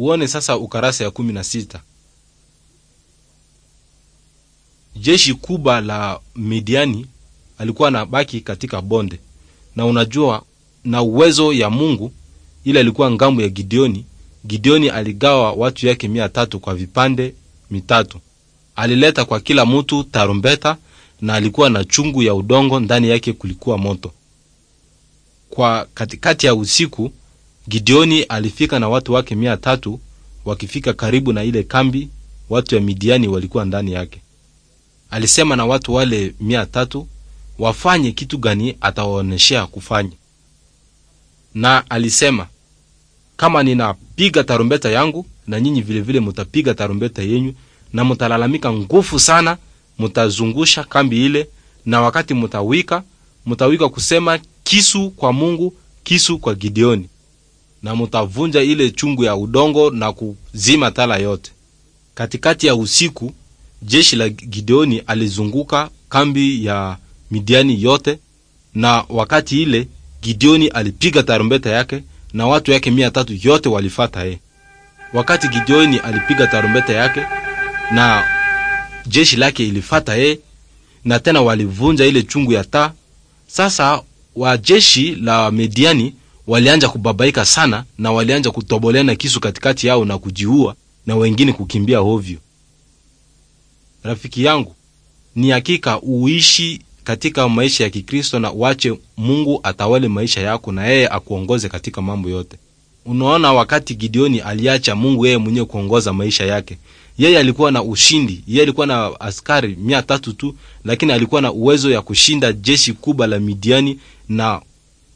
Uone sasa ukarasa ya kumi na sita. Jeshi kubwa la Midiani alikuwa anabaki katika bonde, na unajua na uwezo ya Mungu ile alikuwa ngambo ya Gideoni. Gideoni aligawa watu yake mia tatu kwa vipande mitatu, alileta kwa kila mtu tarumbeta, na alikuwa na chungu ya udongo, ndani yake kulikuwa moto. Kwa katikati ya usiku Gideoni alifika na watu wake mia tatu. Wakifika karibu na ile kambi, watu ya Midiani walikuwa ndani yake. Alisema na watu wale mia tatu wafanye kitu gani atawaonyeshea kufanya, na alisema kama ninapiga tarumbeta yangu na nyinyi vilevile mutapiga tarumbeta yenyu, na mutalalamika nguvu sana, mutazungusha kambi ile, na wakati mutawika, mutawika kusema kisu kwa Mungu, kisu kwa Gideoni na mutavunja ile chungu ya udongo na kuzima tala yote. Katikati ya usiku jeshi la Gideoni alizunguka kambi ya Midiani yote, na wakati ile Gideoni alipiga tarumbeta yake na watu yake mia tatu yote walifata ye. Wakati Gideoni alipiga tarumbeta yake na jeshi lake ilifata ye, na tena walivunja ile chungu ya taa. Sasa wajeshi la Midiani walianja kubabaika sana na walianja kutobolena kisu katikati yao na kujiua na wengine kukimbia hovyo. Rafiki yangu, ni hakika uishi katika maisha ya Kikristo na uache Mungu atawale maisha yako na yeye akuongoze katika mambo yote. Unaona, wakati Gideoni aliacha Mungu yeye mwenyewe kuongoza maisha yake, yeye alikuwa na ushindi. Yeye alikuwa na askari mia tatu tu, lakini alikuwa na uwezo ya kushinda jeshi kubwa la Midiani na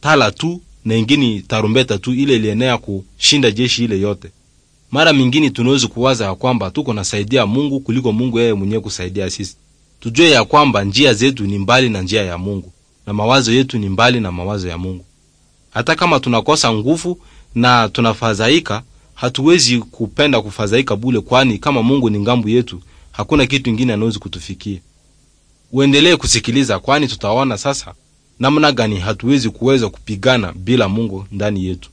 tala tu na ingini tarumbeta tu ile ilienea kushinda jeshi ile yote. Mara mingine tunaweza kuwaza ya kwamba tuko nasaidia Mungu kuliko Mungu yeye mwenyewe kusaidia sisi. Tujue ya kwamba njia zetu ni mbali na njia ya Mungu na mawazo yetu ni mbali na mawazo ya Mungu. Hata kama tunakosa nguvu na tunafadhaika, hatuwezi kupenda kufadhaika bule, kwani kama Mungu ni ngambu yetu, hakuna kitu ingine anawezi kutufikia. Uendelee kusikiliza, kwani tutaona sasa namna gani hatuwezi kuweza kupigana bila Mungu ndani yetu.